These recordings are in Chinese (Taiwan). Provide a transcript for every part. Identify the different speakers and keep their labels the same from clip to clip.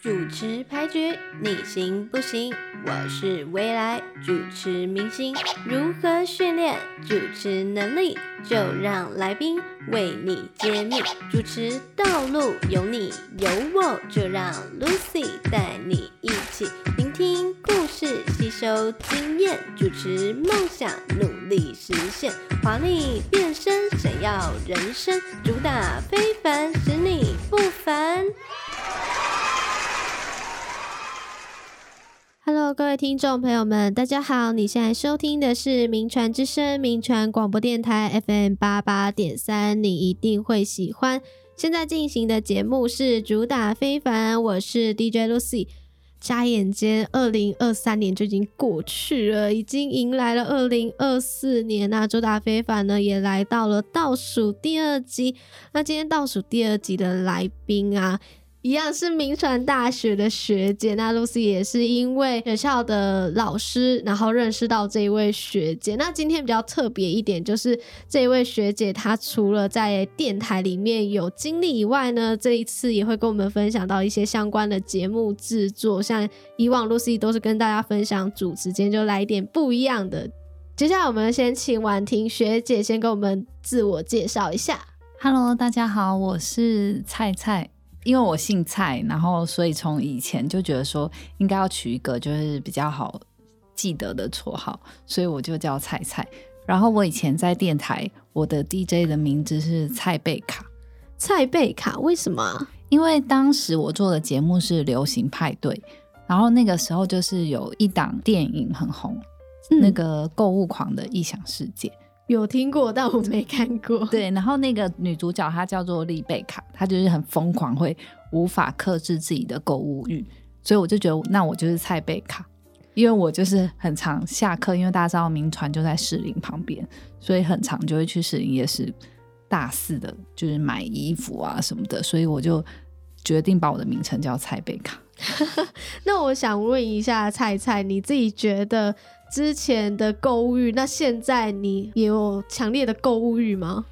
Speaker 1: 主持牌局，你行不行？我是未來主持明星，如何訓練主持能力？就讓來賓為你揭秘。主持道路有你有我，就讓 Lucy 帶你一起聆聽故事，吸收經驗。主持夢想努力實現，華麗變身閃耀人生，主打非凡使你不凡。Hello, 各位聽眾朋友們，大家好！你現在收聽的是名之聲《銘傳之聲》銘傳廣播電台 FM 八八點三，你一定會喜歡。現在進行的節目是主打非凡，我是 DJ Lucy。眨眼間，二零二三年就已經過去了，已經迎來了二零二四年那、啊、主打非凡呢，也來到了倒數第二集。那今天倒數第二集的來賓啊。一樣是銘傳大學的學姐，那露西也是因為學校的老師，然後認識到這一位學姐。那今天比較特別一點，就是這一位學姐她除了在電台裡面有經歷以外呢，這一次也會跟我們分享到一些相關的節目制作。像以往露西都是跟大家分享主持，今天就來一點不一樣的。接下來我們先請婉
Speaker 2: 婷學姐先跟我們自我介紹一下。Hello，大家好，我是蔡蔡。因為我姓蔡，然後所以從以前就覺得說應該要取一個就是比較好記得的綽號，所以我就叫蔡蔡。然後我以前在電台，我的 DJ 的名字是蔡貝卡。蔡貝卡為什麼？因為當時我做的節目是流行派對，然後那個時候就是有一檔電影很紅，嗯、那個購物狂的異想世界。有聽過，但我沒看過。對，然後那個女主角她叫做麗貝卡，她就是很瘋狂，會無法克制自己的購物慾，所以我就覺得，那我就是蔡貝卡，因為我就是很常下課，因為大家知道銘傳就在士林旁邊，所以很常就會去士林夜市大肆的，就是買衣服啊什麼的，所以我就決定把我的名稱叫蔡貝卡。
Speaker 1: 那我想問一下蔡蔡，你自己覺得？之前的購物慾，那現在你也有強烈的購物慾嗎？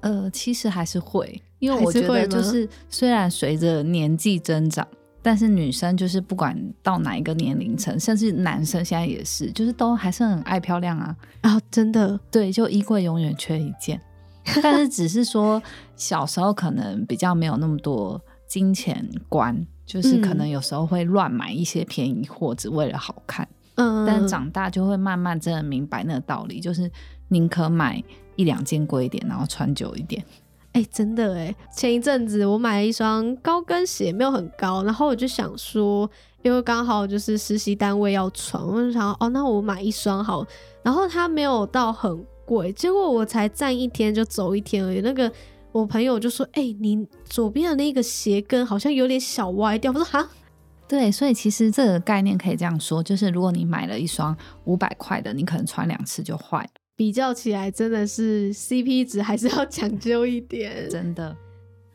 Speaker 1: 呃，其實還是會，因為我覺得就是，是
Speaker 2: 雖然隨着年紀增長，但是女生就是不管到哪一個年齡層，甚至男生現在也是，就是都還是很愛漂亮啊啊、哦！真的，對，就衣櫃永遠缺一件， 但是只是說小時候可能比較沒有那麼多金錢觀，就是可能有時候會亂買一些便宜貨，只為了好看。嗯，但長大就會慢慢真的明白那個道理，嗯、就是寧可買一兩件貴一點，然後穿久一點。
Speaker 1: 哎、欸，真的哎、欸，前一陣子我買了一雙高跟鞋，沒有很高，然後我就想說，因為剛好就是實習單位要穿，我就想說哦，那我買一雙好。然後它沒有到很貴，結果我才站一天就走一天而已。那個我朋友就說：“哎、欸，你左
Speaker 2: 邊的那個鞋跟好像有點小歪掉。”我說：“哈。”對，所以其實這個概念可以這樣說，就是如果你買了一雙五百塊的，你可能穿兩次就壞了。比較起
Speaker 1: 來，真的是 CP 值還是要講究一點， 真的。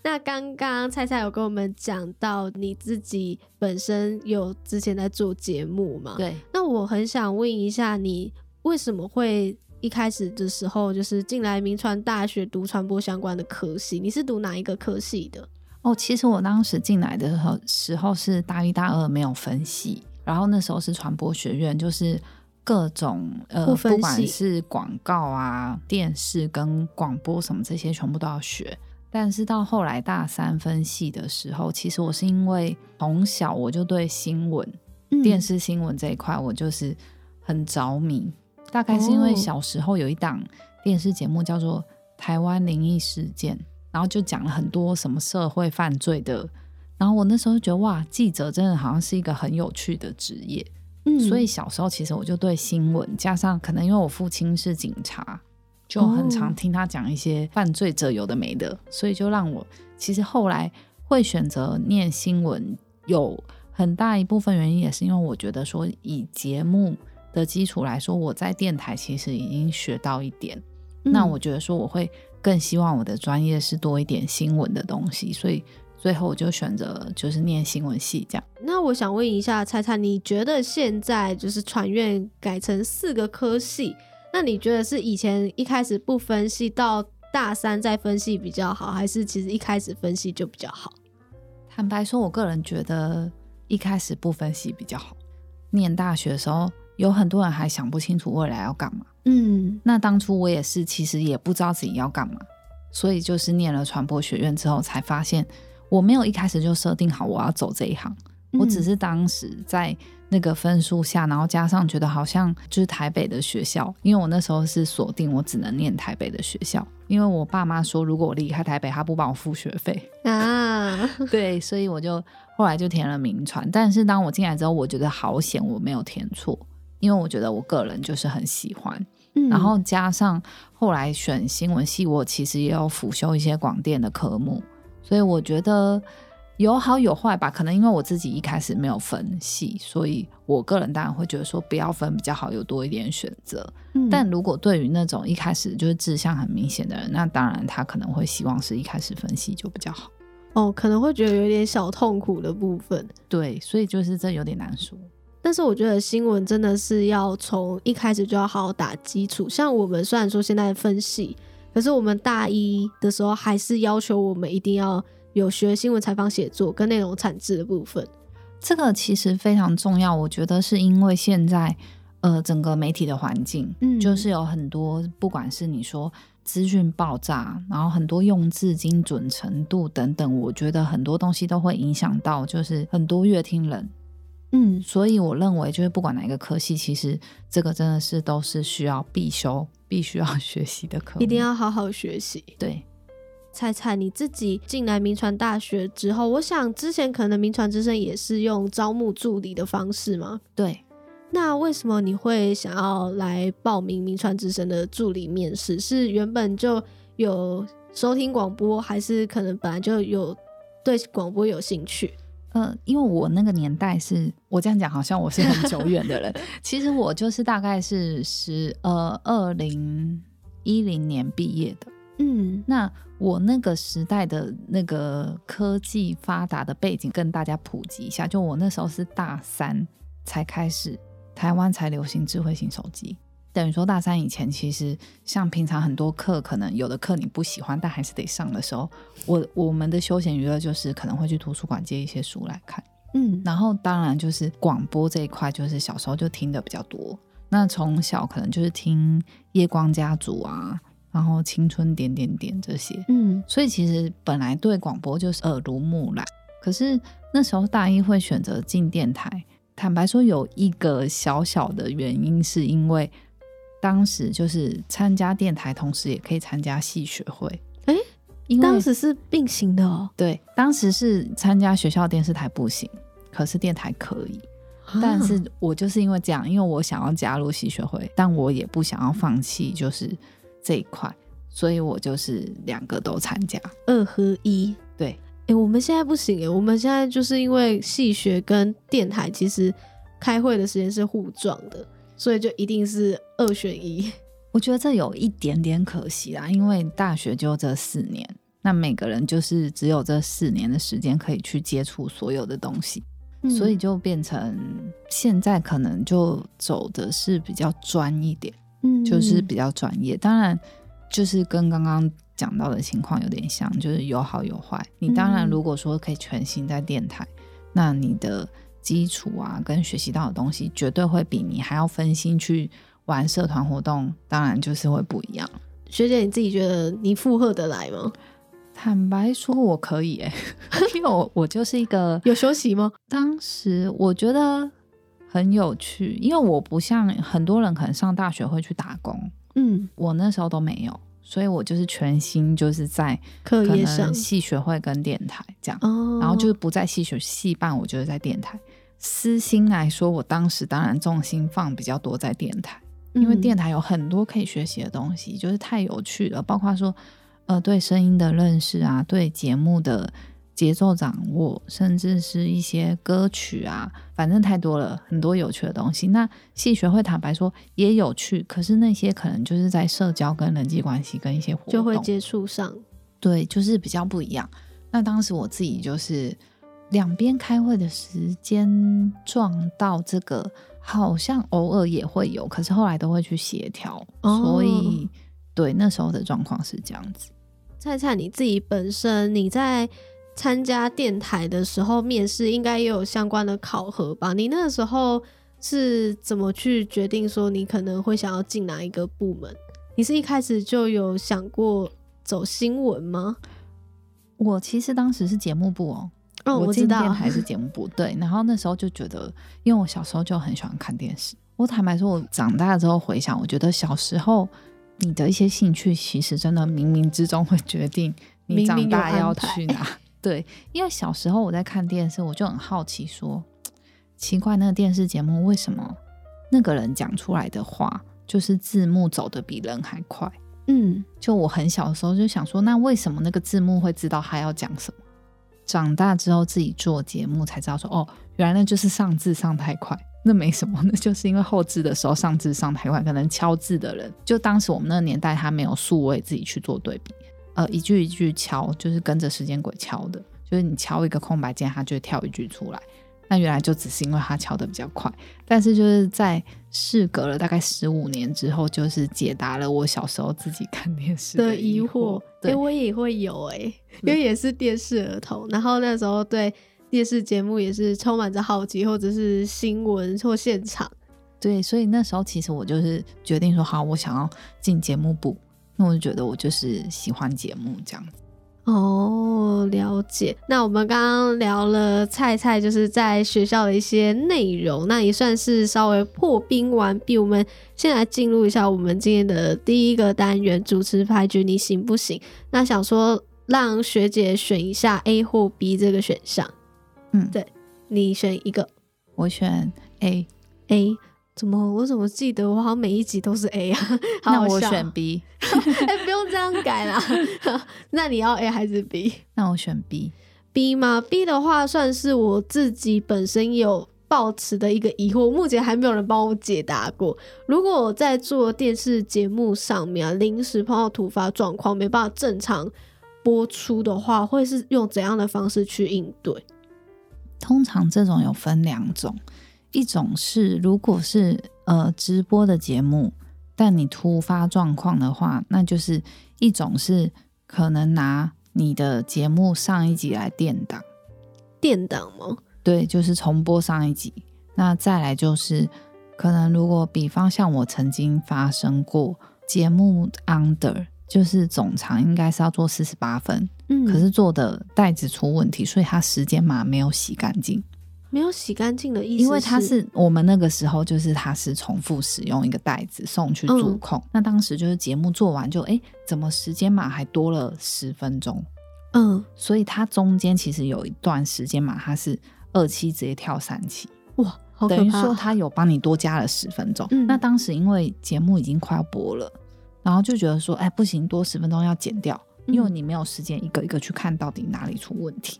Speaker 1: 那剛剛蔡蔡有跟我們講到你自己本身有之前在做節目嘛？對。那我很想問一下，你為什麼會一開始的時候就是進來銘傳大學讀傳播相關的科系？你是讀哪一個科系的？
Speaker 2: 哦，其實我當時進來的時候，時候是大一、大二沒有分系，然後那時候是傳播學院，就是各種呃，不，不管是廣告啊、電視跟廣播什麼這些，全部都要學。但是到後來大三分系的時候，其實我是因為從小我就對新聞、嗯、電視新聞這一塊我就是很着迷，
Speaker 1: 大概是因為小
Speaker 2: 時候有一檔電視節目叫做《台灣靈異事件》。然後就講了很多什麼社會犯罪的，然後我那時候就覺得哇，記者真的好像是一個很有趣的職業，嗯，所以小時候其實我就對新聞，加上可能因為我父親是警察，就很常聽他講一些犯罪者有的沒的，哦、所以就讓我其實後來會選擇念新聞，有很大一部分原因也是因為我覺得說以節目的基礎來說，我在電台其實已經學到一點，嗯、那我覺得說我會。更希望我的專業是多一點新聞的東西，所以最後我就選擇就是念新聞系這樣。
Speaker 1: 那我想問一下蔡蔡，猜猜你覺得現在就是傳院改成四個科系，那你覺得是以前一開始不分系到大三再分系比較好，還是其實一開始分系就比
Speaker 2: 較好？坦白說，我個人覺得一開始不分系比較好。念大學的時候，有很多人還想不清楚未來要幹嘛。
Speaker 1: 嗯，
Speaker 2: 那當初我也是，其實也不知道自己要幹嘛，所以就是念了傳播學院之後，才發現我沒有一開始就設定好我要走這一行，嗯、我只是當時在那個分數下，然後加上覺得好像就是台北的學校，因為我那時候是鎖定我只能念台北的學校，因為我爸媽說如果我離開台北，他不幫我付學費啊， 對，所以我就後來就填了銘傳，但是當我進來之後，我覺得好險我沒有填錯，因為我覺得我個人就是很喜歡。嗯、然後加上後來選新聞系，我其實也有輔修一些廣電的科目，所以我覺得有好有壞吧。可能因為我自己一開始沒有分系，所以我個人當然會覺得說不要分比較好，有多一點選擇。嗯、但如果對於那種一開始就是志向很明顯的人，那當然他可能會希望是一開始分系就比較好。
Speaker 1: 哦，可能會覺得有點小痛苦的部分。對，所以就是這有點難說。但是我覺得新聞真的是要從一開始就要好好打基礎。像我們雖然說現在分系，可是我們大一的時候還是要求我們一定要有學新聞採訪寫作跟內容產製的部分。
Speaker 2: 這個其實非常重要，我覺得是因為現在呃整個媒體的環境，嗯，就是有很多不管是你說資訊爆炸，然後很多用字精準程度等等，我覺得很多東西都會影響到，就是很多閱聽人。嗯，所以我認為就是不管哪一個科系，其實這個真的是都是需要必修，必須要學習的課，一定要
Speaker 1: 好好學習。對，蔡蔡你自己進來銘傳大學之後，我想之前可能銘傳之聲也是用招募助理的方式嘛。對，那為什麼你會想要來報名銘傳之聲的助理面試？是原本就有收聽廣播，還是可能本來就有
Speaker 2: 對廣播有興趣？呃，因為我那個年代是，我這樣講好像我是很久遠的人， 其實我就是大概是十呃二零一零年畢業的，嗯，那我那個時代的那個科技發達的背景，跟大家普及一下，就我那時候是大三才開始，台灣才流行智慧型手機。等於說大三以前，其實像平常很多課，可能有的課你不喜歡，但還是得上的時候，我我們的休閒娛樂就是可能會去圖書館借一些書來看，嗯，然後當然就是廣播這一塊，就是小時候就聽得比較多。那從小可能就是聽《夜光家族》啊，然後《青春點點點》這些，嗯，所以其實本來對廣播就是耳濡目染。可是那時候大一會選擇進電臺，坦白說有一個小小的原因是因為。當時就是參加電臺，同時也可以參加系學會。哎、欸，當時是並行的。哦，對，當時是參加學校電視臺不行，可是電臺可以。
Speaker 1: 啊，但是
Speaker 2: 我就是因為這樣，因為我想要加入系學會，但我也不想要放棄，就是這一塊，所以我就是兩個都參加，
Speaker 1: 二合一。
Speaker 2: 對。哎、欸，
Speaker 1: 我們現在不行，欸，我們現在就是因為系學跟電臺其實開會的時間是互撞的。所以就一定是二選一，
Speaker 2: 我覺得這有一點點可惜啦，因為大學就這四年，那每個人就是只有這四年的時間可以去接觸所有的東西，嗯、所以就變成現在可能就走的是比較專一點，嗯、就是比較專業。當然，就是跟剛剛講到的情況有點像，就是有好有壞。你當然如果說可以全心在電台，嗯、那你的。基礎啊，跟學習到的東西絕對會比你還要分心去玩社團活動，當然就是會不一樣。學姐，你自己覺得你負荷得來嗎？坦白說，我可以哎、欸， 因為我我就是一個 有休息嗎？當時我覺得很有趣，因為我不像很多人可能上大學會去打工，嗯，我那時候都沒有，所以我就是全心就是在可能系學會跟電台這樣，然後就是不在系學系辦，我就是在電台。私心來說，我當時當然重心放比較多在電臺，因為電臺有很多可以學習的東西，嗯、就是太有趣了。包括說，呃，對聲音的認識啊，對節目的節奏掌握，甚至是一些歌曲啊，反正太多了，很多有趣的東西。那戲學會坦白說也有趣，可是那些可能就是在社交跟人際關係跟一些活動就會
Speaker 1: 接觸上，
Speaker 2: 對，就是比較不一樣。那當時我自己就是。兩邊開會的時間撞到這個，好像偶爾也會有，可是後來都會去協調，哦、所以對那時候的狀況是這樣子。
Speaker 1: 蔡蔡，你自己本身你在參加電台的時候面試，應該也有相關的考核吧？你那時候是怎麼去決定說你可能會想要進哪一個部門？你是一開始
Speaker 2: 就有想過走新聞嗎？我其實當時是節目部哦。
Speaker 1: 哦、我不知道，還是節
Speaker 2: 目不對，然後那時候就覺得，因為我小時候就很喜歡看電視。我坦白說，我長大之後回想，我覺得小時候你的一些興趣，其實真的冥冥之中會決定
Speaker 1: 你長大要去哪。明
Speaker 2: 明欸、對，因為小時候我在看電視，我就很好奇說，奇怪那個電視節目為什麼那個人講出來的話，就是字幕走的比人還快。嗯，就我很小的時候就想說，那為什麼那個字幕會知道他要講什麼？長大之後自己做節目才知道說哦，原來那就是上字上太快，那沒什麼，那就是因為後製的時候上字上太快，可能敲字的人，就當時我們那個年代，他沒有數位自己去做對比，呃，一句一句敲，就是跟着時間軌敲的，就是你敲一個空白鍵，它就會跳一句出來。那原來就只是因為他敲得比較快，但是就是在事隔了大概十五年之後，就是解答了我小時候自己看電視的
Speaker 1: 疑惑。對，對、欸、我也會有哎、欸，因為也是電視兒童，對然後那時候對電視節目也是充滿着好奇，或者是新聞或現
Speaker 2: 場。對，所以那時候其實我就是決定說，好，我想要進節目部，那我就覺得我就是喜歡節目這樣。
Speaker 1: 哦，了解。那我們剛剛聊了菜菜，就是在學校的一些內容，那也算是稍微破冰完畢。我們先來進入一下我們今天的第一個單元，主持牌局你行不行？那想說讓學姐選一下 A 或 B 這個選項。嗯，對，你選一個，
Speaker 2: 我選 A，A。
Speaker 1: A 怎麼？我怎麼記得我好像每一集都是 A 啊？好，那我，我選 B。哎、 欸，不用這樣改啦。 那你要 A 還是 B？那我選 B。B 嗎？B 的話算是我自己本身有抱持的一個疑惑，目前還沒有人幫我解答過。如果我在做電視節目上面啊，臨時碰到突發狀況，沒辦法正常播出的話，會是用怎樣的方式
Speaker 2: 去應對？通常這種有分兩種。一種是，如果是呃直播的節目，但你突發狀況的話，那就是一種是可能拿你的節目上一集來墊檔，墊檔嗎？對，就是重播上一集。那再來就是，可能如果比方像我曾經發生過節目 under，就是總長應該是要做四十八分，嗯，可是做的帶子出問題，所以它時間碼沒有洗乾淨。
Speaker 1: 沒有洗乾淨的意思，因為他是
Speaker 2: 我們那個時候，就是他是重複使用一個袋子送去主控。嗯、那當時就是節目做完就哎，怎麼時間嘛還多了十分鐘？嗯，所以它中間其實有一段時間嘛，它是二期直接跳三期。
Speaker 1: 哇，好，等於說他
Speaker 2: 有幫你多加了十分鐘。嗯、那當時因為節目已經快要播了，然後就覺得說，哎，不行，多十分鐘要剪掉，因為你沒有時間一個一個去看到底哪裡出問題。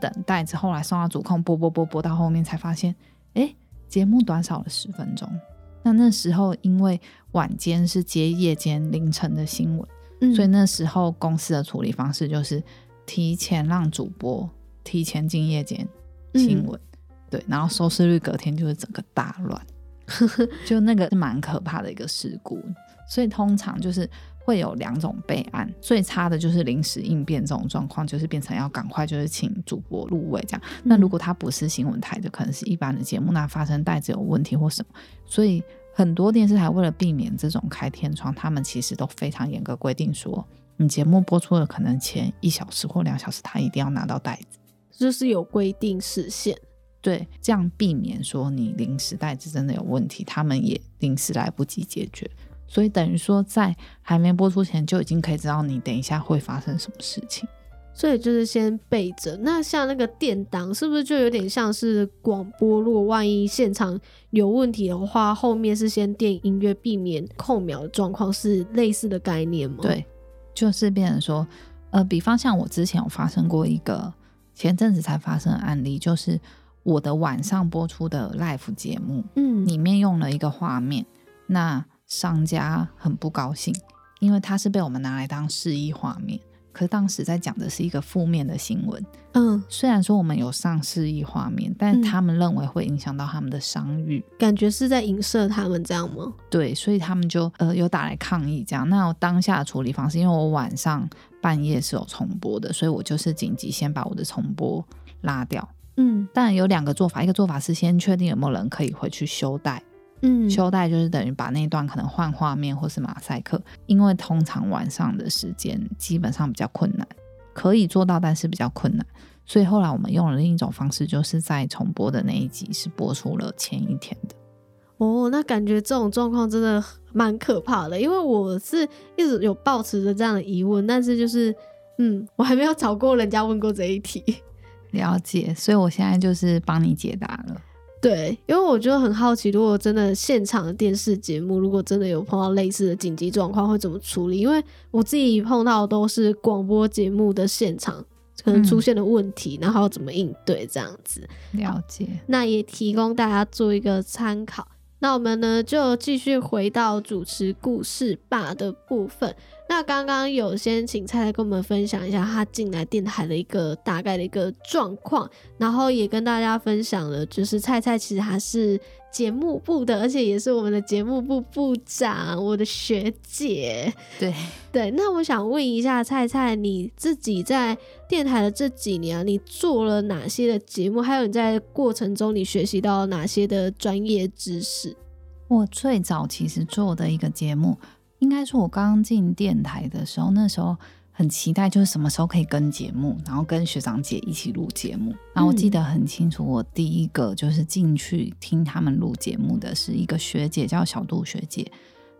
Speaker 2: 等待之後來送到主控播播播播，播到後面才發現，哎，節目短少了十分鐘。那那時候因為晚間是接夜間凌晨的新聞，嗯、所以那時候公司的處理方式就是提前讓主播提前進夜間新聞，嗯、對，然後收視率隔天就是整個大亂， 就那個是蠻可怕的一個事故。所以通常就是。會有兩種備案，最差的就是臨時應變這種狀況，就是變成要趕快就是請主播入位這樣。那如果它不是新聞台的，可能是一般的節目，那發生帶子有問題或什麼。所以很多電視台為了避免這種開天窗，他們其實都非常嚴格規定說，你節目播出的可能前一小時或兩小時，他一定要拿到帶子，這是有規定時限。對，這樣避免說你臨時帶子真的有問題，他們也臨時來不及解決。所以等於說，在還沒播出前就已經可以知道你等一下會發生什麼事情，
Speaker 1: 所以就是先備着。那像那個電檔是不是就有點像是廣播？如果萬一現場有問題的話，後面是先墊音樂，避免扣秒的狀況，是類似的概念
Speaker 2: 嗎？對，就是變成說，呃，比方像我之前有發生過一個前陣子才發生的案例，就是我的晚上播出的 live 節目，嗯，裡面用了一個畫面，那。商家很不高興，因為他是被我們拿來當示意畫面。可是當時在講的是一個負面的新聞。嗯，雖然說我們有上示意畫面，但他們認為會影響到他們的商譽，感覺是在影射他們這樣嗎？對，所以他們就呃有打來抗議這樣。那我當下的處理方式，因為我晚上半夜是有重播的，所以我就是緊急先把我的重播拉掉。嗯，但有兩個做法，一個做法是先確定有沒有人可以回去修帶。嗯，修帶就是等於把那一段可能換畫面或是馬賽克，因為通常晚上的時間基本上比較困難，可以做到，但是比較困難。所以後來我們用了另一種方式，就是在重播的那一集是播出了前一天的。
Speaker 1: 哦，那感覺這種狀況真的蠻可怕的，因為我是一直有抱持着這樣的疑問，但是就是嗯，我還沒有找過人家問過這一題，
Speaker 2: 了解。所以我現在就是幫你解答了。
Speaker 1: 對，因為我覺得很好奇，如果真的現場的電視節目，如果真的有碰到類似的緊急狀況，會怎麼處理？因為我自己碰到的都是廣播節目的現場可能出現的問題，嗯，然後怎麼應對這樣子。了解。那也提供大家做一個參考。那我們呢，就繼續回到主持故事吧的部分。那剛剛有先請蔡蔡跟我們分享一下她進來電台的一個大概的一個狀況，然後也跟大家分享了，就是蔡蔡其實她是節目部的，而且也是我們的節目部部長，我的學姐。對對，那我想問一下蔡蔡，你自己在電台的這幾年，你做了哪些的節目？還有你在過程中，你學習到哪些的專業知
Speaker 2: 識？我最早其實做的一個節目。應該是我剛進電臺的時候，那時候很期待，就是什麼時候可以跟節目，然後跟學長姐一起錄節目。然後我記得很清楚，我第一個就是進去聽他們錄節目的是一個學姐，叫小杜學姐。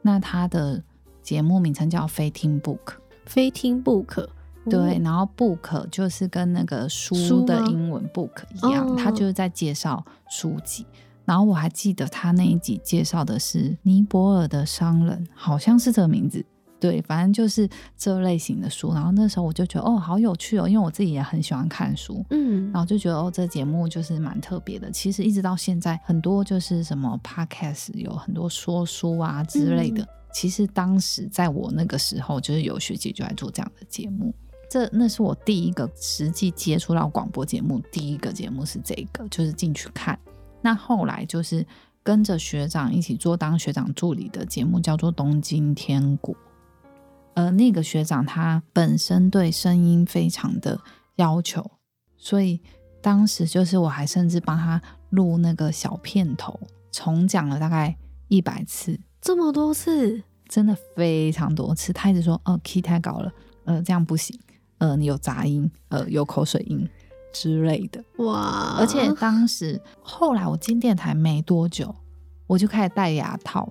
Speaker 2: 那她的節目名稱叫非聽 book， 非聽 book，對，然後 book 就是跟那個書的英文 book 一樣，oh。她就是在介紹書籍。然後我還記得他那一集介紹的是尼泊爾的商人，好像是這個名字，對，反正就是這類型的書。然後那時候我就覺得哦，好有趣哦，因為我自己也很喜歡看書，嗯，然後就覺得哦，這節目就是蠻特別的。其實一直到現在，很多就是什麼 podcast 有很多說書啊之類的。嗯，其實當時在我那個時候，就是有學姐就來做這樣的節目，這那是我第一個實際接觸到廣播節目，第一個節目是這個，就是進去看。那後來就是跟着學長一起做當學長助理的節目，叫做《東京天國》。呃，那個學長他本身對聲音非常的要求，所以當時就是我還甚至幫他錄那個小片頭，重講了大概一百次，這麼多次，真的非常多次。他一直說：“呃，哦，key 太高了，呃，這樣不行，呃，你有雜音，呃，有口水音。”之類的哇！而且當時後來我進電台沒多久，我就開始戴牙套。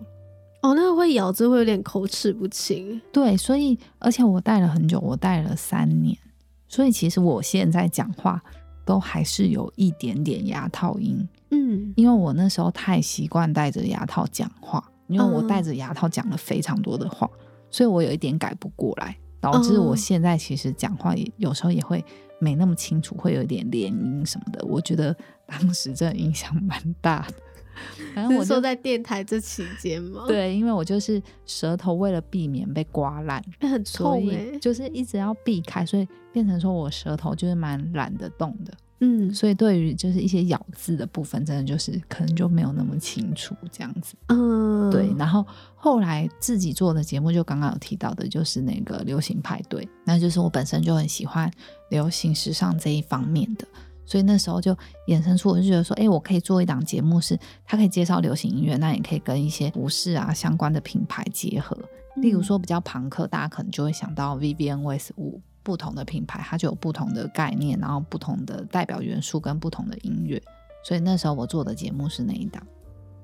Speaker 2: 哦，那個會咬字會有點口齒不清。對，所以而且我戴了很久，我戴了三年，所以其實我現在講話都還是有一點點牙套音。嗯，因為我那時候太習慣戴着牙套講話，因為我戴着牙套講了非常多的話，嗯、所以我有一點改不過來，
Speaker 1: 導致我
Speaker 2: 現在其實講話也有時候也會。沒那麼清楚，會有點連音什麼的。我覺得當時真的影響蠻大的。反正我說
Speaker 1: 在電台這期間嗎？對，
Speaker 2: 因為我就是舌頭為了避免被刮爛，很痛，所以就是一直要避開，所以變成說我舌頭就是蠻懶得動的。嗯，所以對於就是一些咬字的部分，真的就是可能就沒有那麼清楚這樣子。嗯，對。然後後來自己做的節目，就剛剛有提到的，就是那個流行派對，那就是我本身就很喜歡流行時尚這一方面的，所以那時候就衍生出，我就覺得說，哎、欸，我可以做一檔節目是，是它可以介紹流行音樂，那也可以跟一些服飾啊相關的品牌結合，例如說比較龐克，大家可能就會想到 Vivienne Westwood。不同的品牌，它就有不同的概念，然後不同的代表元素跟不同的音樂，所以那時候我做的節目是那一檔。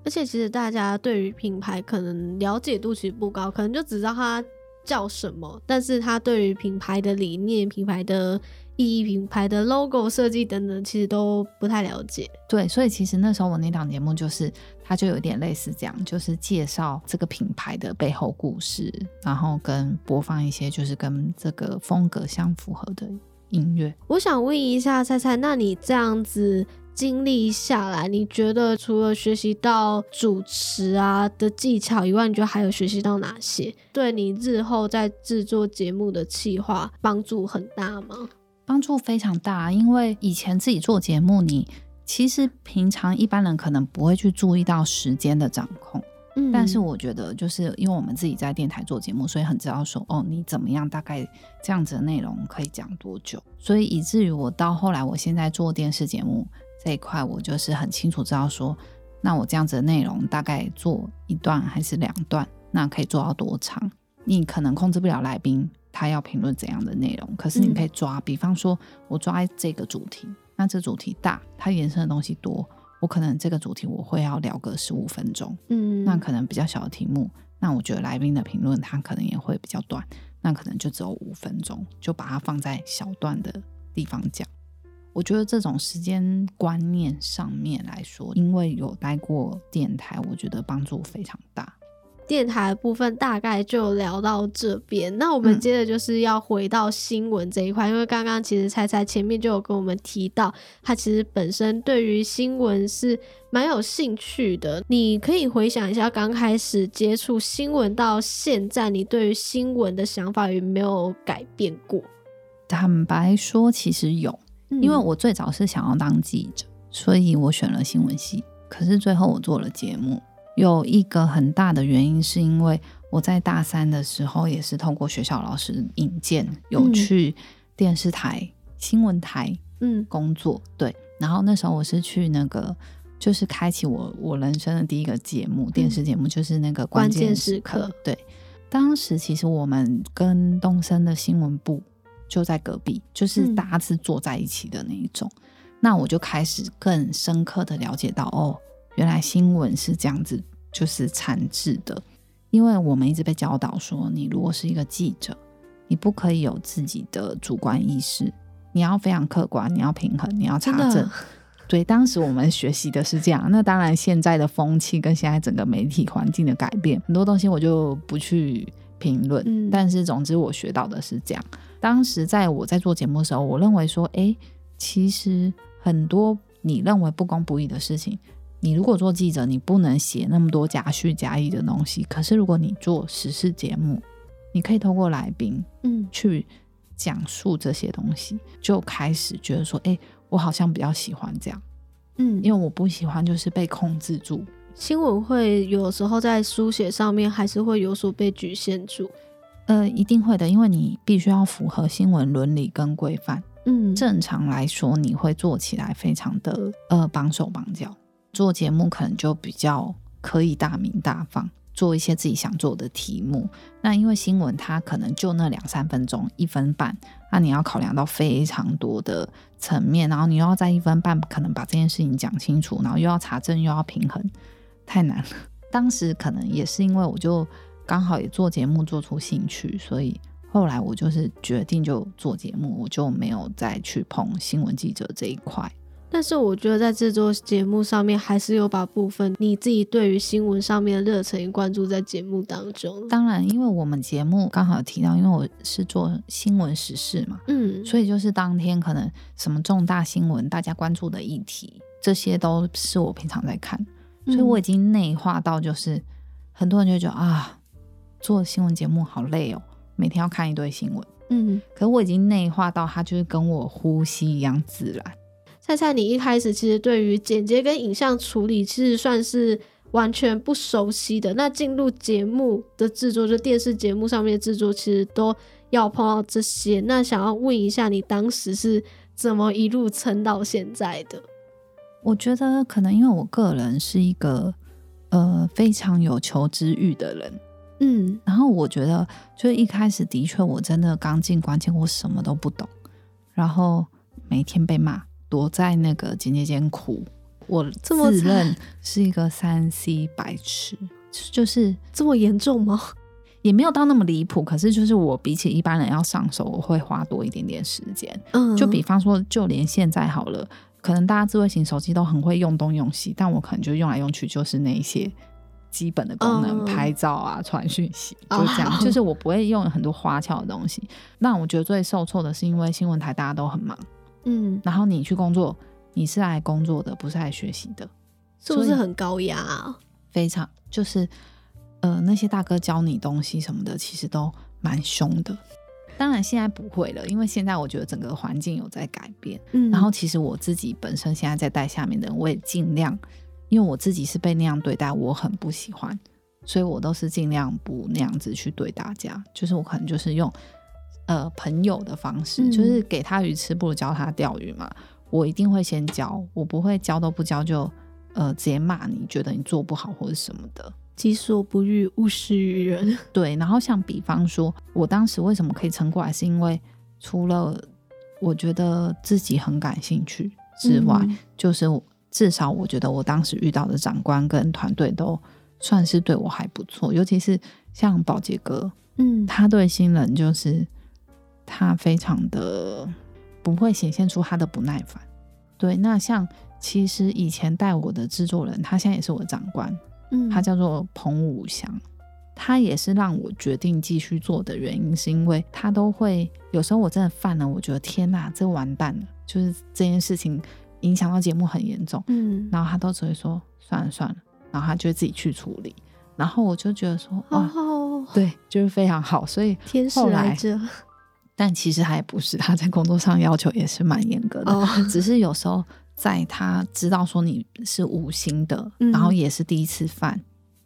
Speaker 2: 而且其
Speaker 1: 實大家對於品牌可能了解度其實不高，可能就只知道它叫什麼，但是它對於品牌的理念、品牌的意義、品牌的 logo 設計
Speaker 2: 等等，其實都不太了解。對，所以其實那時候我那檔節目就是。他就有點類似這樣，就是介紹這個品牌的背後故事，然後跟播放一些就是跟這個風格相符合的音樂。我想問
Speaker 1: 一下，蔡蔡，那你這樣子經歷下來，你覺得除了學習到主持啊的技巧以外，你覺得還有學習到哪些對你日後在製作節目的企劃幫助很大嗎？
Speaker 2: 幫助非常大，因為以前自己做節目你。其實平常一般人可能不會去注意到時間的掌控，嗯，但是我覺得就是因為我們自己在電台做節目，所以很知道說哦，你怎麼樣，大概這樣子的內容可以講多久。所以以至於我到後來，我現在做電視節目這一塊，我就是很清楚知道說，那我這樣子的內容大概做一段還是兩段，那可以做到多長。你可能控制不了來賓他要評論怎樣的內容，可是你可以抓，嗯，比方說我抓這個主題。那這主題大，它延伸的東西多，我可能這個主題我會要聊個十五分鐘。嗯，那可能比較小的題目，那我覺得來賓的評論它可能也會比較短，那可能就只有五分鐘，就把它放在小段的地方講。我覺得這種時間觀念上面來說，因為有待過電台，我覺得幫助非常大。
Speaker 1: 電台的部分大概就聊到這邊，那我們接着就是要回到新聞這一塊，嗯，因為剛剛其實猜猜前面就有跟我們提到，他其實本身對於新聞是蠻有興趣的。你可以回想一下，剛開始接觸新聞到現在，你對於新聞的想法
Speaker 2: 有沒有改變過？坦白說，其實有，因為我最早是想要當記者，所以我選了新聞系，可是最後我做了節目。有一個很大的原因，是因為我在大三的時候，也是通過學校老師引薦，有去電視台、嗯、新聞台嗯工作。嗯、對，然後那時候我是去那個，就是開啟我我人生的第一個節目，電視節目就是那個關鍵時刻。嗯、關鍵時刻對，當時其實我們跟東森的新聞部就在隔壁，就是大家是坐在一起的那一種。嗯、那我就開始更深刻的了解到，哦。原來新聞是這樣子，就是產製的，因為我們一直被教導說，你如果是一個記者，你不可以有自己的主觀意識，你要非常客觀，你要平衡，你要查證。真的？對，當時我們學習的是這樣。那當然，現在的風氣跟現在整個媒體環境的改變，很多東西我就不去評論。但是，總之我學到的是這樣。嗯。當時在我在做節目的時候，我認為說，誒，其實很多你認為不公不義的事情。你如果做記者，你不能寫那麼多夾敘夾議的東西。可是如果你做時事節目，你可以通過來賓，嗯，去講述這些東西，嗯、就開始覺得說，哎、欸，我好像比較喜歡這樣，
Speaker 1: 嗯，因為我
Speaker 2: 不喜歡就是被控制住。新聞會
Speaker 1: 有時候在書寫上面還是會有所被局限住，
Speaker 2: 呃，一定會的，因為你必須要符合新聞倫理跟規範。嗯，正常來說，你會做起來非常的呃綁、呃、手綁腳，做節目可能就比較可以大鳴大放，做一些自己想做的題目。那因為新聞它可能就那兩三分鐘，一分半，那你要考量到非常多的層面，然後你又要在一分半可能把這件事情講清楚，然後又要查證，又要平衡，太難了。當時可能也是因為我就剛好也做節目做出興趣，所以後來我就是決定就做節目，我就沒有再去碰新聞記者這一塊。
Speaker 1: 但是我覺得在製作節目上面，還是有把部分你自己對於新聞上面的熱忱也灌注在節目當中。
Speaker 2: 當然，因為我們節目剛好提到，因為我是做新聞時事嘛，嗯，所以就是當天可能什麼重大新聞、大家關注的議題，這些都是我平常在看，所以我已經內化到，就是、嗯、很多人就覺得啊，做新聞節目好累哦，每天要看一堆新聞，嗯，可是我已經內化到，它就是跟我呼吸一樣自然。
Speaker 1: 蔡蔡你一開始其實對於剪接跟影像處理其實算是完全不熟悉的。那進入節目的制作，就電視節目上面的制作，其實都要碰到這些。那想要問一下，你當時是怎麼一路撐到現在的？
Speaker 2: 我覺得可能因為我個人是一個呃非常有求知慾的人，嗯，然後我覺得就是一開始的確我真的剛進廣電，我什麼都不懂，然後每天被罵。躲在那個剪接間哭，我自認是一個三 C 白痴，就，就是這麼嚴重嗎？也沒有到那麼離譜。可是就是我比起一般人要上手，我會花多一點點時間。嗯，就比方說，就連現在好了，可能大家智慧型手機都很會用東用西，但我可能就用來用去就是那一些基本的功能，嗯、拍照啊、傳訊息，就這樣。哦、就是我不會用很多花俏的東西。那、哦、我覺得最受挫的是，因為新聞台大家都很忙。嗯，然後你去工作，你是來工作的，不是來學習的，是不是很
Speaker 1: 高壓啊？
Speaker 2: 非常，就是，呃，那些大哥教你東西什麼的，其實都蠻兇的。當然現在不會了，因為現在我覺得整個環境有在改變。嗯，然後其實我自己本身現在在帶下面的人，我也盡量，因為我自己是被那樣對待，我很不喜歡，所以我都是盡量不那樣子去對大家，就是我可能就是用。呃，朋友的方式、嗯、就是給他魚吃，不如教他釣魚嘛。我一定會先教，我不會教都不教就呃直接罵你，覺得你做不好或者什麼的。己所不欲，勿施於人。對，然後像比方說，我當時為什麼可以撐過來，是因為除了我覺得自己很感興趣之外，嗯嗯，就是至少我覺得我當時遇到的長官跟團隊都算是對我還不錯，尤其是像保潔哥，嗯，他對新人就是。他非常的不會顯現出他的不耐煩，對。那像其實以前帶我的制作人，他現在也是我的長官，嗯，他叫做彭武祥，他也是讓我決定繼續做的原因，是因為他都會有時候我真的犯了，我覺得天哪、啊，這完蛋了，就是這件事情影響到節目很嚴重，嗯，然後他都只會說算了算了，然後他就會自己去處理，然後我就覺得說哦，對，就是非常好，所以後來，天使來着。但其實還不是，他在工作上要求也是蠻嚴格的，哦、只是有時候在他知道說你是無心的，嗯、然後也是第一次犯，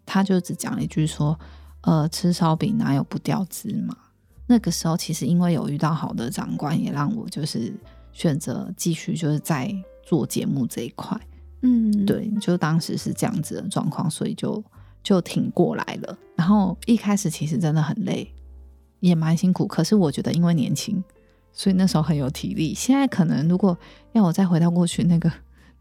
Speaker 2: 他就只講了一句說：“呃，吃燒餅哪有不掉芝麻？”那個時候其實因為有遇到好的長官，也讓我就是選擇繼續就是在做節目這一塊，嗯，對，就當時是這樣子的狀況，所以就就挺過來了。然後一開始其實真的很累。也蠻辛苦，可是我覺得因為年輕，所以那時候很有體力。現在可能如果要我再回到過去那個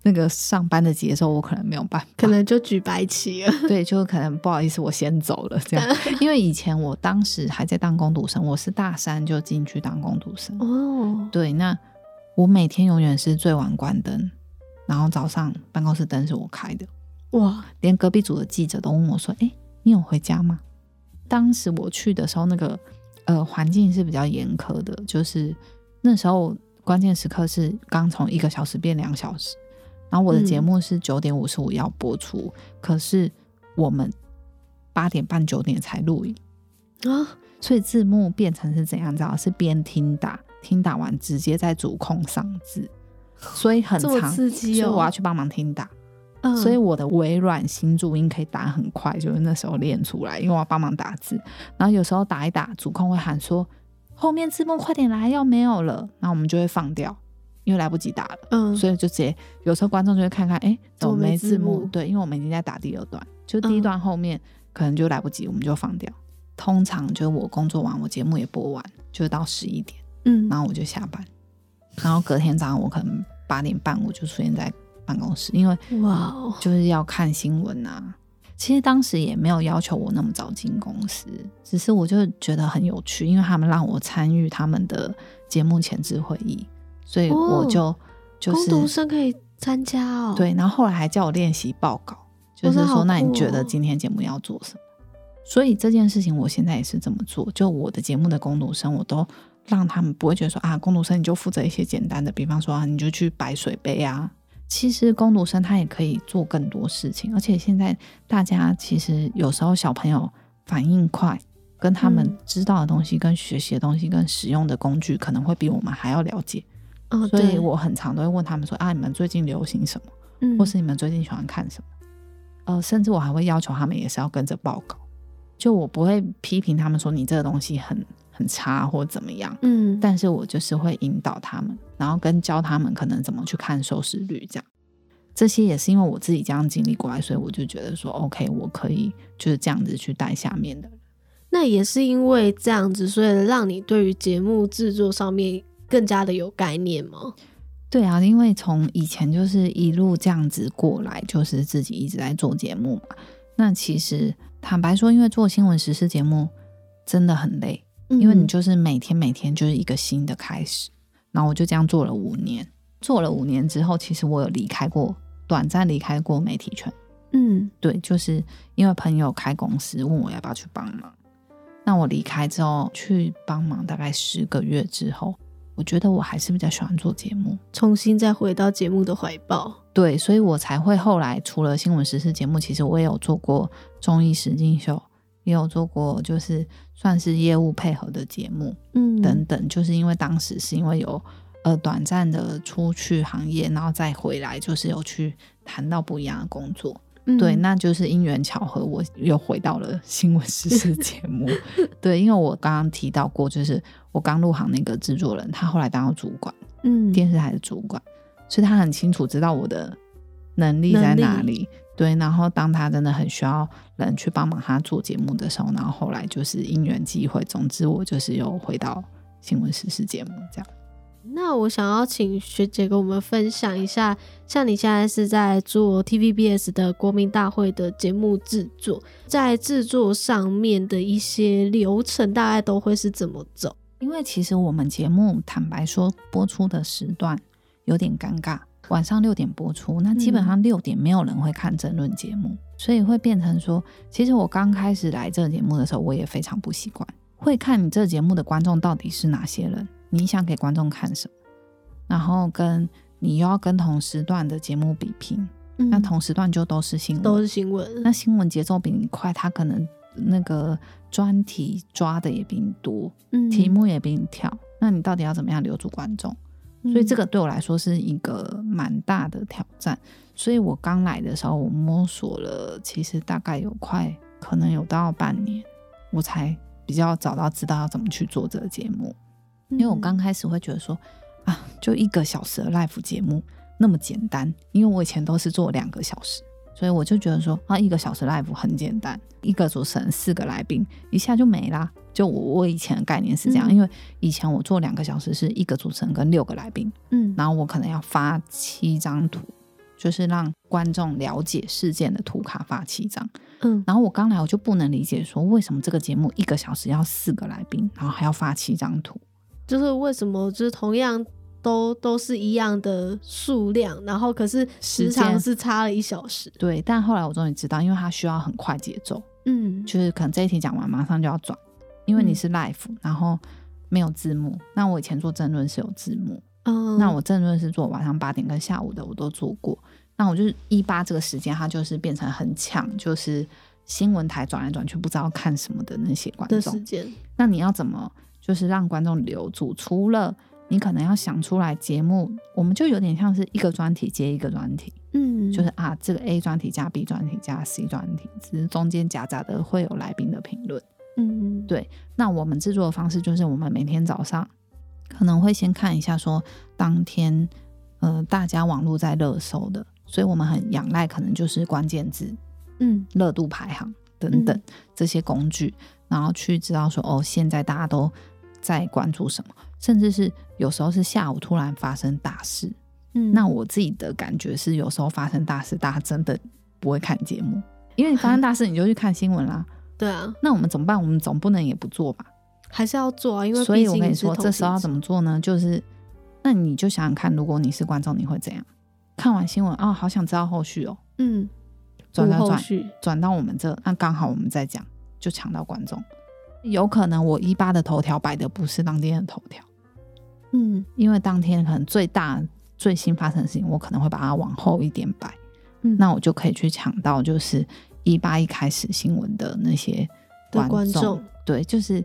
Speaker 2: 那個上班的節奏，我可能沒有辦法，可能就舉白旗了。對，就可能不好意思，我先走了這樣。 因為以前我當時還在當工讀生，我是大三就進去當工讀生。哦，對，那我每天永遠是最晚關燈，然後早上辦公室燈是我開的。哇，連隔壁組的記者都問我說：“誒，你有回家嗎？”當時我去的時候，那個。呃，環境是比較嚴苛的，就是那時候關鍵時刻是剛從一個小時變兩小時，然後我的節目是九點五十五要播出，嗯、可是我們八點半九點才錄影。啊，所以字幕變成是怎樣？子，知道嗎？是邊聽打，聽打完直接在主控上字，所以很長，哦、所以我要去幫忙聽打。嗯、所以我的微軟新注音可以打很快，就是那時候練出來，因為我要幫忙打字，然後有時候打一打，主控會喊說：“後面字幕快點來，要沒有了。”然後我們就會放掉，因為來不及打了。嗯，所以就直接有時候觀眾就會看看，哎、欸，怎麼沒字幕？字幕。對，因為我們已經在打第二段，就第一段後面、嗯、可能就來不及，我們就放掉。通常就是我工作完，我節目也播完，就到十一點，嗯，然後我就下班，嗯、然後隔天早上我可能八點半我就出現在辦公室，因為哇，就是要看新聞吶啊。其實當時也沒有要求我那麼早進公司，只是我就覺得很有趣，因為他們讓我參與他們的節目前置會議，所以我就就是工讀生
Speaker 1: 可以參加哦。對，然
Speaker 2: 後後來還叫我練習報告，就是說，那你覺得今天節目要做什麼？所以這件事情我現在也是這麼做，就我的節目的工讀生，我都讓他們不會覺得說啊，工讀生你就負責一些簡單的，比方說啊，你就去擺水杯啊。其實工讀生他也可以做更多事情，而且現在大家其實有時候小朋友反應快，跟他們知道的東西、嗯、跟學習的東西、跟使用的工具，可能會比我們還要了解。
Speaker 1: 哦、所以我
Speaker 2: 很常都會問他們說啊，你們最近流行什麼？或是你們最近喜歡看什麼？嗯、呃，甚至我還會要求他們也是要跟着報告，就我不會批評他們說，你這個東西很。很差或怎麼樣，嗯，但是我就是會引導他們，然後跟教他們可能怎麼去看收視率，這樣這些也是因為我自己這樣經歷過來，所以我就覺得說，OK，我可以就是這樣子去帶下面的。
Speaker 1: 那也是因為這樣子，所以讓你對於節目制作上面更加的有概念嗎？
Speaker 2: 對啊，因為從以前就是一路這樣子過來，就是自己一直在做節目嘛。那其實坦白說，因為做新聞時事節目真的很累。因為你就是每天每天就是一個新的開始，嗯、然後我就這樣做了五年，做了五年之後，其實我有離開過，短暫離開過媒體圈。嗯，對，就是因為朋友開公司，問我要不要去幫忙。那我離開之後去幫忙，大概十個月之後，我覺得我還是比較喜歡做節目，重新再回到節目的懷抱。對，所以，我才會後來除了新聞時事節目，其實我也有做過綜藝實境秀。也有做過，就是算是業務配合的節目，嗯，等等，就是因為當時是因為有呃短暫的出去行業，然後再回來，就是有去談到不一樣的工作，嗯、對，那就是因緣巧合，我又回到了新聞時事節目， 對，因為我剛剛提到過，就是我剛入行那個製作人，他後來當了主管，嗯，電視台的主管，所以他很清楚知道我的能力在哪裡。對，然後當他真的很需要人去幫忙他做節目的時候，然後後來就是因緣際會，總之我就是又回到新聞時事節目這樣。
Speaker 1: 那我想要請學姐給我們分享一下，像你現在是在做 TVBS 的國民大會的節目制作，在制作上面的一些流程大概都會是怎麼走？
Speaker 2: 因為其實我們節目坦白說播出的時段有點尷尬。晚上六點播出，那基本上六點沒有人會看政論節目，嗯、所以會變成說，其實我剛開始來這個節目的時候，我也非常不習慣。會看你這個節目的觀眾到底是哪些人？你想給觀眾看什麼？然後跟你又要跟同時段的節目比拼，嗯、那同時段就都是新聞，都是新聞。那新聞節奏比你快，它可能那個專題抓的也比你多，嗯、題目也比你跳。那你到底要怎麼樣留住觀眾？所以這個對我來說是一個蠻大的挑戰，所以我剛來的時候，我摸索了，其實大概有快可能有到半年，我才比較找到知道要怎麼去做這個節目。因為我剛開始會覺得說，啊，就一個小時的 live 節目那麼簡單，因為我以前都是做兩個小時，所以我就覺得說，啊，一個小時的 live 很簡單，一個主持人，四個來賓，一下就沒啦。就我我以前的概念是這樣，嗯，因為以前我做兩個小時是一個主持人跟六個來賓，嗯，然後我可能要發七張圖，就是讓觀眾了解事件的圖卡發七張，嗯，然後我剛來我就不能理解說，為什麼這個節目一個小時要四個來賓，然後還要發七張圖，
Speaker 1: 就是為什麼就是同樣都都是一樣的數量，然後可是時長是差了一小時，
Speaker 2: 時對，但後來我終於知道，因為它需要很快節奏，嗯，就是可能這一題講完馬上就要轉。因為你是 live，嗯、然後沒有字幕。那我以前做政論，是有字幕，
Speaker 1: 嗯，那我
Speaker 2: 政論，是做晚上八點跟下午的，我都做過。那我就是一八這個時間，它就是變成很搶，就是新聞台轉來轉去不知道看什麼的那些觀眾。那你要怎麼就是讓觀眾留住？除了你可能要想出來節目，我們就有點像是一個專題接一個專題，嗯，就是啊，這個 A 專題加 B 專題加 C 專題，只是中間夾雜的會有來賓的評論。嗯，對。那我們製作的方式就是，我們每天早上可能會先看一下，說當天呃大家網絡在熱搜的，所以我們很仰賴可能就是關鍵字，嗯，熱度排行等等這些工具，然後去知道說哦，現在大家都在關注什麼，甚至是有時候是下午突然發生大事。嗯，那我自己的感覺是，有時候發生大事，大家真的不會看節目，因為你發生大事 你就去看新聞啦。對啊，那我們怎麼辦？我們總不能也不做吧？還是要做啊，因為機機，所以我跟你說，這時候要怎麼做呢？就是那你就想想看，如果你是觀眾，你會怎樣？看完新聞啊，哦，好想知道後續哦。
Speaker 1: 嗯，
Speaker 2: 轉到轉轉到我們這，那剛好我們再講，就搶到觀眾。有可能我一八的頭條擺的不是當天的頭條，嗯，因為當天可能最大最新發生的事情，我可能會把它往後一點擺，嗯，那我就可以去搶到，就是。一八一開始新聞的那些觀眾，對，觀眾。對，就是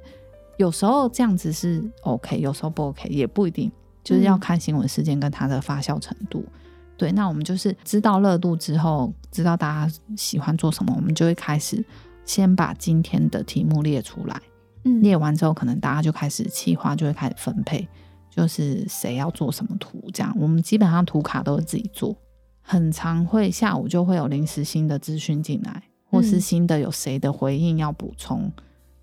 Speaker 2: 有時候這樣子是 OK，有時候不 OK，也不一定，就是要看新聞事件跟它的發酵程度。嗯、對，那我們就是知道熱度之後，知道大家喜歡做什麼，我們就會開始先把今天的題目列出來。嗯，列完之後，可能大家就開始企劃，就會開始分配，就是誰要做什麼圖，這樣。我們基本上圖卡都是自己做，很常會下午就會有臨時新的資訊進來。或是新的有誰的回應要補充，嗯、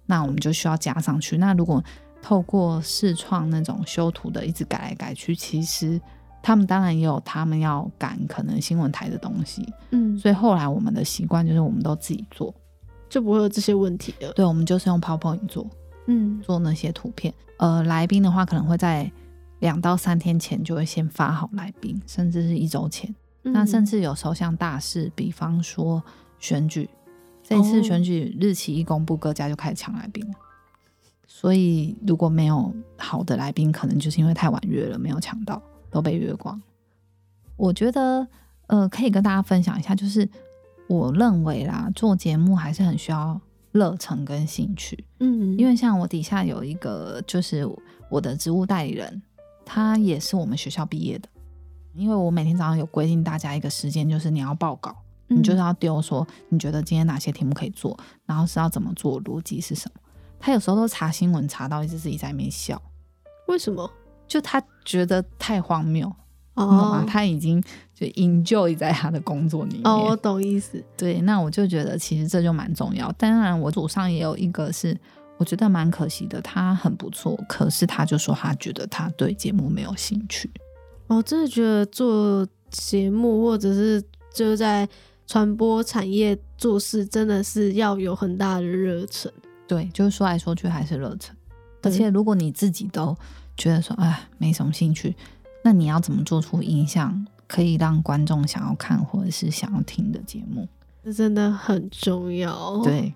Speaker 2: 那我們就需要加上去。那如果透過視創那種修圖的，一直改來改去，其實他們當然也有他們要趕可能新聞台的東西，嗯，所以後來我們的習慣就是我們都自己做，就不會有這些問題的。對，我們就是用 PowerPoint 做，嗯，做那些圖片。呃，來賓的話可能會在兩到三天前就會先發好來賓，甚至是一周前。嗯、那甚至有時候像大事，比方說選舉。這一次選舉、oh. 日期一公布，各家就開始搶來賓了。所以如果沒有好的來賓，可能就是因為太晚約了，沒有搶到，都被約光。我覺得，呃，可以跟大家分享一下，就是我認為啦，做節目還是很需要熱忱跟興趣。嗯、mm，hmm. 因為像我底下有一個，就是我的職務代理人，他也是我們學校畢業的。因為我每天早上有規定大家一個時間，就是你要報告。你就是要丟說，你覺得今天哪些題目可以做，然後是要怎麼做，邏輯是什麼？他有時候都查新聞查到一直自己在那邊笑，為什麼？就他覺得太荒謬哦，他已經就 enjoy 在他的工作裡面哦，我懂意思。對，那我就覺得其實這就蠻重要。當然，我組上也有一個是我覺得蠻可惜的，他很不錯，可是他就說他覺得他對節目沒有興趣。
Speaker 1: 我、哦、真的覺得做節目或者是就是在。傳播產業做事真的是要
Speaker 2: 有很大的熱忱，對，就是說來說去還是熱忱。對而且如果你自己都覺得說，哎，沒什麼興趣，那你要怎麼做出影響可以讓觀眾想要看或者是想要聽的節目，
Speaker 1: 這真的很重要。對。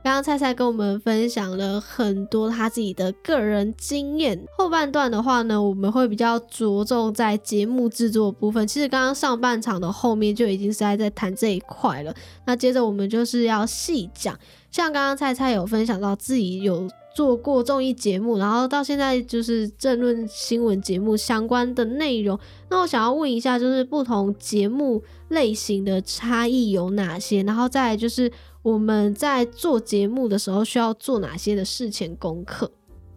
Speaker 1: 剛剛蔡蔡跟我們分享了很多他自己的個人經驗。後半段的話呢，我們會比較着重在節目制作部分。其實剛剛上半場的後面就已經是在在談這一塊了。那接着我們就是要細講，像剛剛蔡蔡有分享到自己有做過綜藝節目，然後到現在就是政論新聞節目相關的內容。那我想要問一下，就是不同節目類型的差異有哪些？然後再來就是。我們在做節目的時候需要做哪些的事前功課？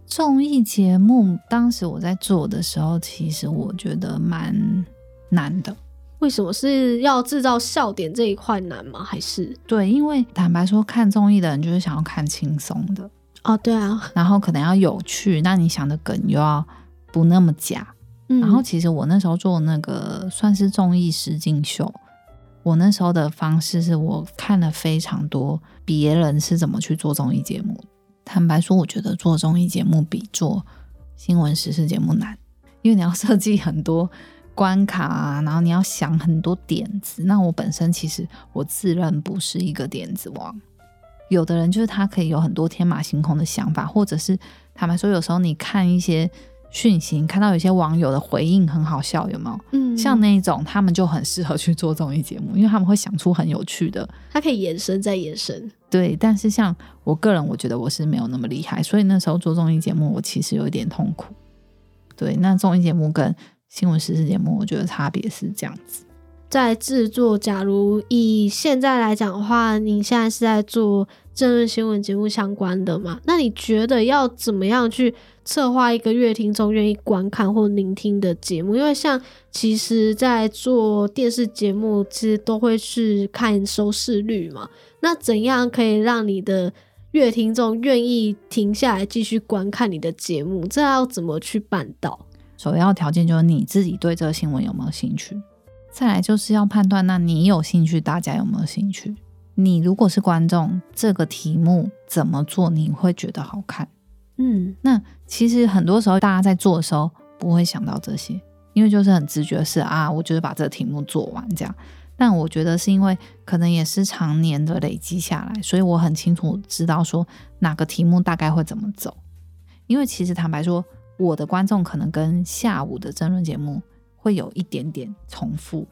Speaker 2: 綜藝節目當時我在做的時候，其實我覺得蠻難的。
Speaker 1: 為什麼？是要制造笑點這一塊難嗎？還是？
Speaker 2: 對，因為坦白說，看綜藝的人就是想要看輕鬆的。哦，對啊。然後可能要有趣，那你想的梗又要不那麼假。
Speaker 1: 嗯。然後其
Speaker 2: 實我那時候做那個算是綜藝實境秀。我那時候的方式是我看了非常多別人是怎麼去做綜藝節目。坦白說，我覺得做綜藝節目比做新聞時事節目難，因為你要設計很多關卡啊，然後你要想很多點子。那我本身其實我自認不是一個點子王，有的人就是他可以有很多天馬行空的想法，或者是坦白說，有時候你看一些。訊息看到有些網友的回應很好笑，有沒有？嗯，像那種他們就很適合去做綜藝節目，因為他們會想出很有趣的，
Speaker 1: 他可以延伸再延伸。
Speaker 2: 對，但是像我個人，我覺得我是沒有那麼厲害，所以那時候做綜藝節目，我其實有一點痛苦。對，那綜藝節目跟新聞時事節目，我覺得差別是這樣子。
Speaker 1: 在制作，假如以現在來講的話，你現在是在做政論新聞節目相關的嗎？那你覺得要怎麼樣去？策劃一個閱聽眾願意觀看或聆聽的節目，因為像其實，在做電視節目，其實都會去看收視率嘛。那怎樣可以讓你的閱聽眾願意停下來繼續觀看你的節目？這
Speaker 2: 要怎麼去辦到？首要條件就是你自己對這個新聞有沒有興趣。再來就是要判斷，那你有興趣，大家有沒有興趣？你如果是觀眾，這個題目怎麼做你會覺得好看？嗯，那其實很多時候大家在做的時候不會想到這些，因為就是很直覺是啊，我就是把這個題目做完這樣。但我覺得是因為可能也是常年的累積下來，所以我很清楚知道說哪個題目大概會怎麼走。因為其實坦白說，我的觀眾可能跟下午的政論節目會有一點點重複，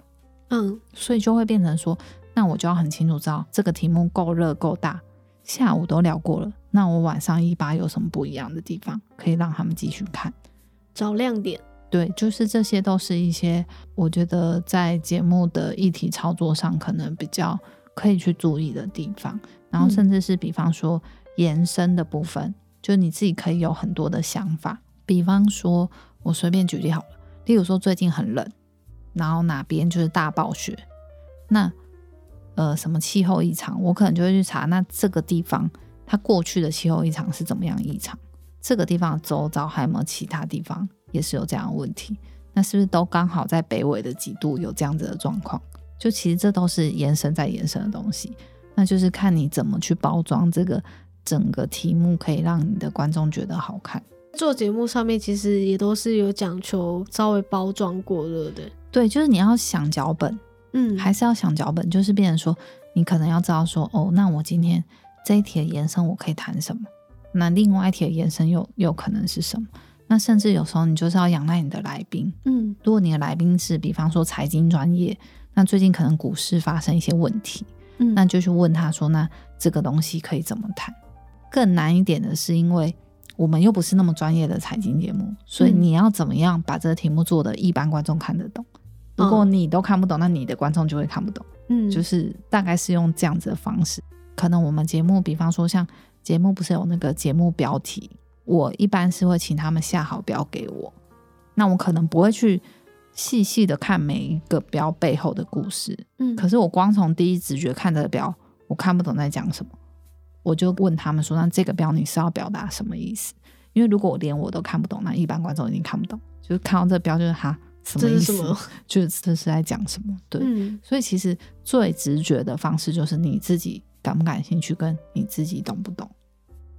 Speaker 2: 嗯，所以就會變成說，那我就要很清楚知道這個題目夠熱夠大，下午都聊過了。那我晚上一八有什麼不一樣的地方可以讓他們繼續看，找亮點？對，就是這些都是一些我覺得在節目的議題操作上可能比較可以去注意的地方，然後甚至是比方說延伸的部分，嗯、就你自己可以有很多的想法。比方說，我隨便舉例好了，例如說最近很冷，然後哪邊就是大暴雪，那呃什麼氣候異常，我可能就會去查那這個地方，它過去的氣候異常是怎麼樣異常？這個地方的周遭還有沒有其他地方也是有這樣的問題？那是不是都剛好在北緯的幾度有這樣子的狀況？就其實這都是延伸在延伸的東西。那就是看你怎麼去包裝這個整個題目，可以讓你的觀眾覺得好看。做節目
Speaker 1: 上面其實也都是有講求稍微包裝過熱的。
Speaker 2: 對，就是你要想腳本，嗯，還是要想腳本，就是變成說你可能要知道說，哦，那我今天。這一題的延伸我可以談什麼？那另外一題的延伸又有可能是什麼？那甚至有時候你就是要仰賴你的來賓。嗯，如果你的來賓是比方說財經專業，那最近可能股市發生一些問題，嗯、那就去問他說：“那這個東西可以怎麼談？”更難一點的是，因為我們又不是那麼專業的財經節目，所以你要怎麼樣把這個題目做得一般觀眾看得懂？如果、嗯、你都看不懂，那你的觀眾就會看不懂。嗯，就是大概是用這樣子的方式。可能我們節目，比方說像節目不是有那個節目標題，我一般是會請他們下好標給我，那我可能不會去細細的看每一個標背後的故事，嗯，可是我光從第一直覺看這個標，我看不懂在講什麼，我就問他們說，那這個標你是要表達什麼意思？因為如果我連我都看不懂，那一般觀眾已經看不懂，就是看到這標就是他什麼意思，是 就是這是在講什麼？對，嗯、所以其實最直覺的方式就是你自己感不感興趣，跟你自己懂不懂？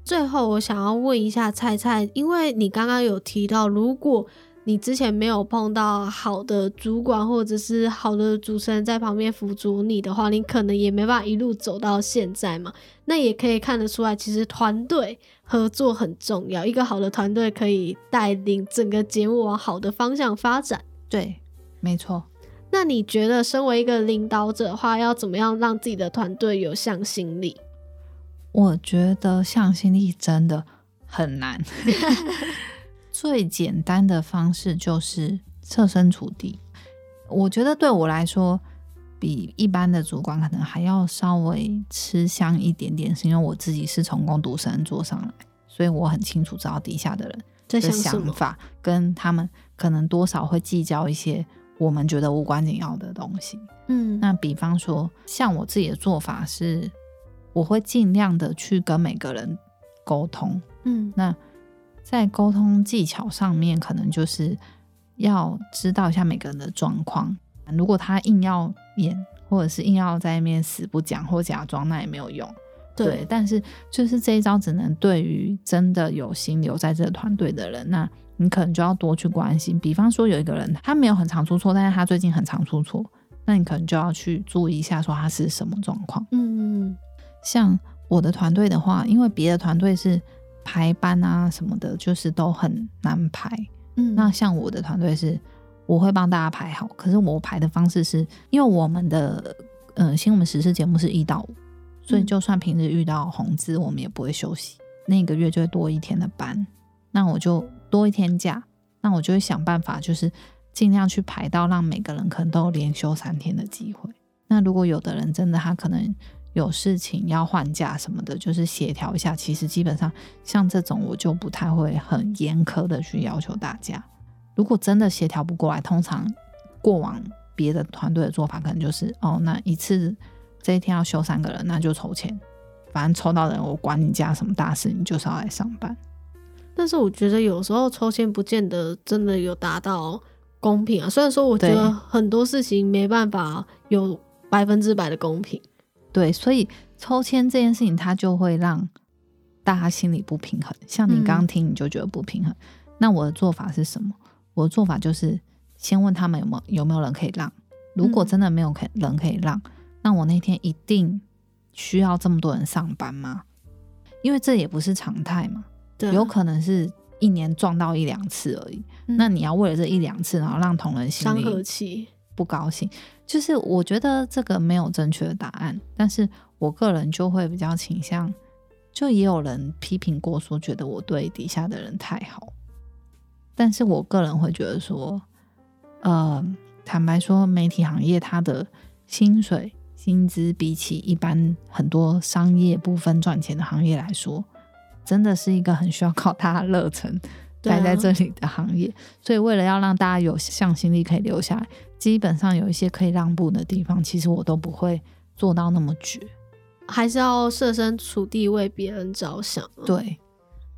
Speaker 1: 最後，我想要問一下蔡蔡，因為你剛剛有提到，如果你之前沒有碰到好的主管或者是好的主持人在旁邊輔助你的話，你可能也沒辦法一路走到現在嘛。那也可以看得出來，其實團隊合作很重要，一個好的團隊可以帶領整個節目往好的方向發展。對，
Speaker 2: 沒錯。
Speaker 1: 那你覺得，身為一個領導者的話，要怎麼樣讓自己的團隊有向心力？
Speaker 2: 我覺得向心力真的很難。 最簡單的方式就是設身處地。我覺得對我來說，比一般的主管可能還要稍微吃香一點點，是因為我自己是從工讀生做上來，所以我很清楚知道底下的人這些想法，跟他們可能多少會計較一些。我們覺得無關緊要的東西，嗯，那比方說，像我自己的做法是，我會盡量的去跟每個人溝通，嗯，那在溝通技巧上面，可能就是要知道一下每個人的狀況。如果他硬要演，或者是硬要在那邊死不講或假裝，那也沒有用。對，對，但是就是這一招只能對於真的有心留在這個團隊的人，那。你可能就要多去關心，比方說有一個人他沒有很常出錯，但是他最近很常出錯，那你可能就要去注意一下，說他是什麼狀況。
Speaker 1: 嗯。
Speaker 2: 像我的團隊的話，因為別的團隊是排班啊什麼的，就是都很難排。嗯。那像我的團隊是，我會幫大家排好，可是我排的方式是因為我們的呃新聞時事節目是一到五，所以就算平日遇到紅字，我們也不會休息，嗯、那個月就會多一天的班。那我就。多一天假，那我就會想辦法，就是盡量去排到讓每個人可能都連休三天的機會。那如果有的人真的他可能有事情要換假什麼的，就是協調一下。其實基本上像這種，我就不太會很嚴苛的去要求大家。如果真的協調不過來，通常過往別的團隊的做法可能就是，哦，那一次這一天要休三個人，那就抽籤；反正抽到人我管你家什麼大事，你就是要來上班。
Speaker 1: 但是我覺得有時候抽籤不見得真的有達到公平啊。雖然說我覺得很多事情沒辦
Speaker 2: 法有百分之百的公平，對，所以抽籤這件事情它就會讓大家心裡不平衡。像你剛剛聽你就覺得不平衡，嗯、那我的做法是什麼？我的做法就是先問他們有沒有有沒有人可以讓。如果真的沒有人可以讓，嗯、那我那天一定需要這麼多人上班嗎？因為這也不是常態嘛。對有可能是一年撞到一兩次而已，嗯、那你要為了這一兩次，然後讓同仁心裡傷和氣、不高興，就是我覺得這個沒有正確的答案。但是我個人就會比較傾向，就也有人批評過說，覺得我對底下的人太好。但是我個人會覺得說，呃，坦白說，媒體行業它的薪水薪資比起一般很多商業部分賺錢的行業來說。真的是一個很需要靠大家熱忱待在這裡的行業，啊、所以為了要讓大家有向心力可以留下來，基本上有一些可以讓步的地方，其實我都不會做到那麼絕，還是要設身處
Speaker 1: 地為別人着想、啊。對，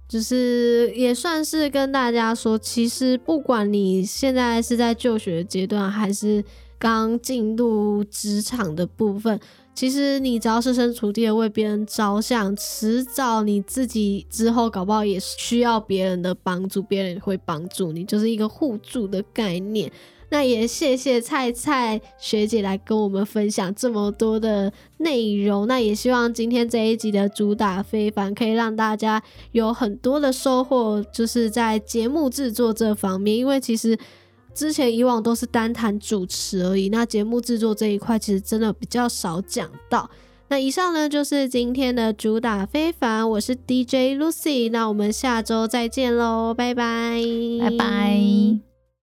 Speaker 1: 就是也算是跟大家說，其實不管你現在是在就學階段，還是剛進入職場的部分。其實你只要設身處地的為別人着想，遲早你自己之後搞不好也是需要別人的幫助，別人會幫助你，就是一個互助的概念。那也謝謝蔡蔡學姐來跟我們分享這麼多的內容。那也希望今天這一集的主打非凡可以讓大家有很多的收穫，就是在節目製作這方面，因為其實。之前以往都是單談主持而已，那節目製作這一塊其實真的比較少講到。那以上呢就是今天的主打非凡，我是 DJ Lucy，那我們下周再見嘍，拜拜，拜拜。